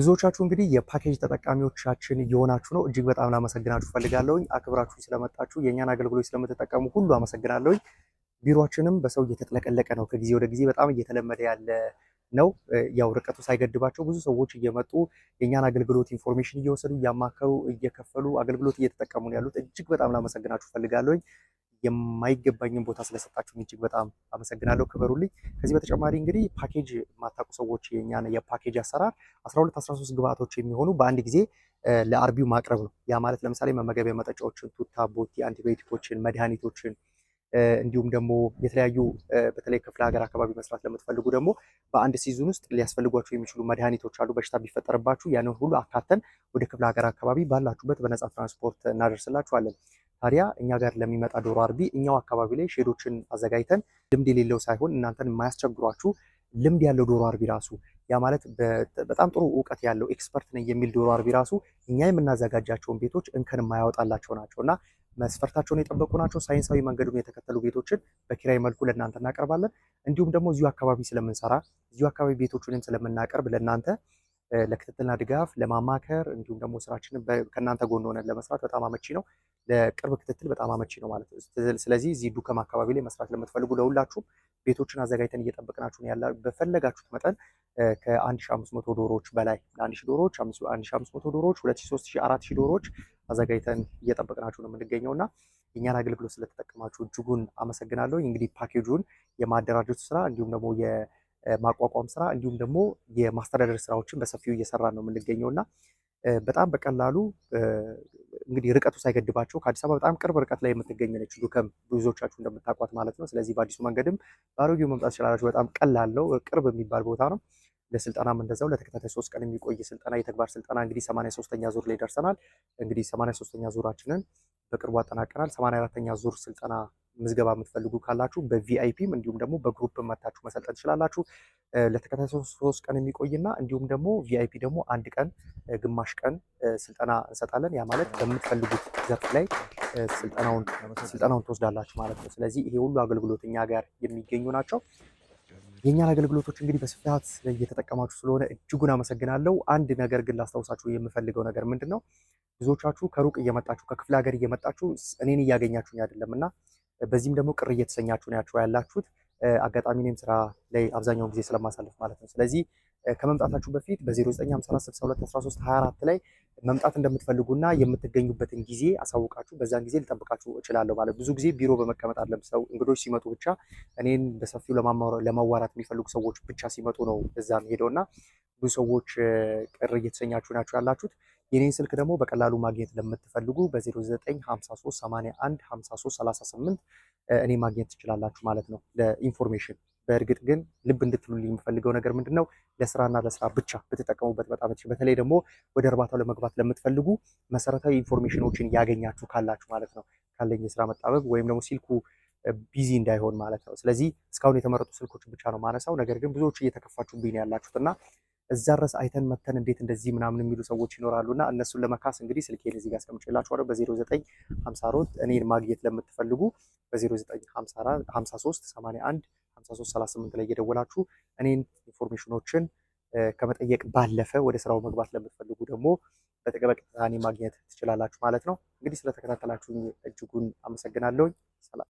ብዙዎቻችሁ እንግዲህ የፓኬጅ ተጠቃሚዎቻችን እየሆናችሁ ነው። እጅግ በጣም ላመሰግናችሁ ፈልጋለሁኝ። አክብራችሁ ስለመጣችሁ የእኛን አገልግሎት ስለምትጠቀሙ ሁሉ አመሰግናለሁኝ። ቢሮችንም በሰው እየተጥለቀለቀ ነው። ከጊዜ ወደ ጊዜ በጣም እየተለመደ ያለ ነው። ያው ርቀቱ ሳይገድባቸው ብዙ ሰዎች እየመጡ የእኛን አገልግሎት ኢንፎርሜሽን እየወሰዱ እያማከሩ፣ እየከፈሉ አገልግሎት እየተጠቀሙ ነው ያሉት። እጅግ በጣም ላመሰግናችሁ ፈልጋለሁኝ። የማይገባኝን ቦታ ስለሰጣችሁኝ እጅግ በጣም አመሰግናለሁ። ክበሩልኝ። ከዚህ በተጨማሪ እንግዲህ ፓኬጅ የማታውቁ ሰዎች የኛ የፓኬጅ አሰራር 12 13 ግብአቶች የሚሆኑ በአንድ ጊዜ ለአርቢው ማቅረብ ነው። ያ ማለት ለምሳሌ መመገቢያ መጠጫዎችን፣ ቱታ፣ ቦቲ፣ አንቲባዮቲኮችን፣ መድኃኒቶችን እንዲሁም ደግሞ የተለያዩ በተለይ ክፍለ ሀገር አካባቢ መስራት ለምትፈልጉ ደግሞ በአንድ ሲዝን ውስጥ ሊያስፈልጓችሁ የሚችሉ መድኃኒቶች አሉ። በሽታ ቢፈጠርባችሁ ያንን ሁሉ አካተን ወደ ክፍለ ሀገር አካባቢ ባላችሁበት በነፃ ትራንስፖርት እናደርስላችኋለን። ታዲያ እኛ ጋር ለሚመጣ ዶሮ አርቢ እኛው አካባቢ ላይ ሼዶችን አዘጋጅተን ልምድ የሌለው ሳይሆን እናንተን የማያስቸግሯችሁ ልምድ ያለው ዶሮ አርቢ ራሱ ያ ማለት በጣም ጥሩ እውቀት ያለው ኤክስፐርት ነኝ የሚል ዶሮ አርቢ ራሱ እኛ የምናዘጋጃቸውን ቤቶች እንከን የማያወጣላቸው ናቸው እና መስፈርታቸውን የጠበቁ ናቸው። ሳይንሳዊ መንገዱን የተከተሉ ቤቶችን በኪራይ መልኩ ለእናንተ እናቀርባለን። እንዲሁም ደግሞ እዚሁ አካባቢ ስለምንሰራ እዚሁ አካባቢ ቤቶችንም ስለምናቀርብ ለእናንተ ለክትትልና ድጋፍ ለማማከር እንዲሁም ደግሞ ስራችንን ከእናንተ ጎን ሆነን ለመስራት በጣም አመቺ ነው። ለቅርብ ክትትል በጣም አመቺ ነው ማለት ነው። ስለዚህ እዚህ ዱከም አካባቢ ላይ መስራት ለምትፈልጉ ለሁላችሁም ቤቶችን አዘጋጅተን እየጠበቅናችሁ ያለ በፈለጋችሁት መጠን ከ1500 ዶሮዎች በላይ ለ1000 ዶሮዎች 1500 ዶሮዎች 2000፣ 4000 ዶሮዎች አዘጋጅተን እየጠበቅናችሁ ነው የምንገኘው እና የእኛን አገልግሎት ስለተጠቀማችሁ እጅጉን አመሰግናለሁ። እንግዲህ ፓኬጁን የማደራጀት ስራ እንዲሁም ደግሞ የማቋቋም ስራ እንዲሁም ደግሞ የማስተዳደር ስራዎችን በሰፊው እየሰራ ነው የምንገኘው እና በጣም በቀላሉ እንግዲህ ርቀቱ ሳይገድባቸው ከአዲስ አበባ በጣም ቅርብ ርቀት ላይ የምትገኝ ነች ዱከም ብዙዎቻችሁ እንደምታውቋት ማለት ነው። ስለዚህ በአዲሱ መንገድም በአሮጌው መምጣት ይችላላችሁ። በጣም ቀላል ነው፣ ቅርብ የሚባል ቦታ ነው። ለስልጠናም እንደዛው ለተከታታይ ሶስት ቀን የሚቆይ ስልጠና የተግባር ስልጠና እንግዲህ ሰማንያ ሶስተኛ ዙር ላይ ደርሰናል። እንግዲህ ሰማንያ ሶስተኛ ዙራችንን በቅርቡ አጠናቀናል። ሰማንያ አራተኛ ዙር ስልጠና ምዝገባ የምትፈልጉ ካላችሁ በቪአይፒም እንዲሁም ደግሞ በግሩፕ መታችሁ መሰልጠን ትችላላችሁ። ለተከታታይ ሶስት ቀን የሚቆይና እንዲሁም ደግሞ ቪአይፒ ደግሞ አንድ ቀን ግማሽ ቀን ስልጠና እንሰጣለን። ያ ማለት በምትፈልጉት ዘርፍ ላይ ስልጠናውን ትወስዳላችሁ ማለት ነው። ስለዚህ ይሄ ሁሉ አገልግሎት እኛ ጋር የሚገኙ ናቸው። የእኛን አገልግሎቶች እንግዲህ በስፋት እየተጠቀማችሁ ስለሆነ እጅጉን አመሰግናለሁ። አንድ ነገር ግን ላስታውሳችሁ የምፈልገው ነገር ምንድን ነው ብዙዎቻችሁ ከሩቅ እየመጣችሁ ከክፍለ ሀገር እየመጣችሁ እኔን እያገኛችሁኝ አይደለም እና በዚህም ደግሞ ቅር እየተሰኛችሁ ነው ያላችሁት። አጋጣሚ እኔም ስራ ላይ አብዛኛውን ጊዜ ስለማሳልፍ ማለት ነው። ስለዚህ ከመምጣታችሁ በፊት በ0954621324 ላይ መምጣት እንደምትፈልጉና የምትገኙበትን ጊዜ አሳውቃችሁ በዛን ጊዜ ልጠብቃችሁ እችላለሁ። ማለት ብዙ ጊዜ ቢሮ በመቀመጥ አለም ሰው እንግዶች ሲመጡ ብቻ እኔን በሰፊው ለማዋራት የሚፈልጉ ሰዎች ብቻ ሲመጡ ነው እዛም እና ብዙ ሰዎች ቅር እየተሰኛችሁ ናችሁ ያላችሁት። የኔን ስልክ ደግሞ በቀላሉ ማግኘት ለምትፈልጉ በ0953815338 እኔ ማግኘት ትችላላችሁ ማለት ነው ለኢንፎርሜሽን በእርግጥ ግን ልብ እንድትሉልኝ የምፈልገው ነገር ምንድን ነው፣ ለስራና ለስራ ብቻ ብትጠቀሙበት በጣም በተለይ ደግሞ ወደ እርባታው ለመግባት ለምትፈልጉ መሰረታዊ ኢንፎርሜሽኖችን ያገኛችሁ ካላችሁ ማለት ነው። ካለኝ የስራ መጣበብ ወይም ደግሞ ሲልኩ ቢዚ እንዳይሆን ማለት ነው። ስለዚህ እስካሁን የተመረጡ ስልኮችን ብቻ ነው ማነሳው። ነገር ግን ብዙዎቹ እየተከፋችሁብኝ ነው ያላችሁት እና እዛ ድረስ አይተን መተን እንዴት እንደዚህ ምናምን የሚሉ ሰዎች ይኖራሉና እነሱን ለመካስ እንግዲህ ስልኬን እዚህ ጋር አስቀምጬላችኋለሁ። በ0954 እኔን ማግኘት ለምትፈልጉ በ0953 81 53 ላይ እየደወላችሁ እኔን ኢንፎርሜሽኖችን ከመጠየቅ ባለፈ ወደ ስራው መግባት ለምትፈልጉ ደግሞ በጥቅበቅታኔ ማግኘት ትችላላችሁ ማለት ነው። እንግዲህ ስለተከታተላችሁኝ እጅጉን አመሰግናለሁኝ። ሰላም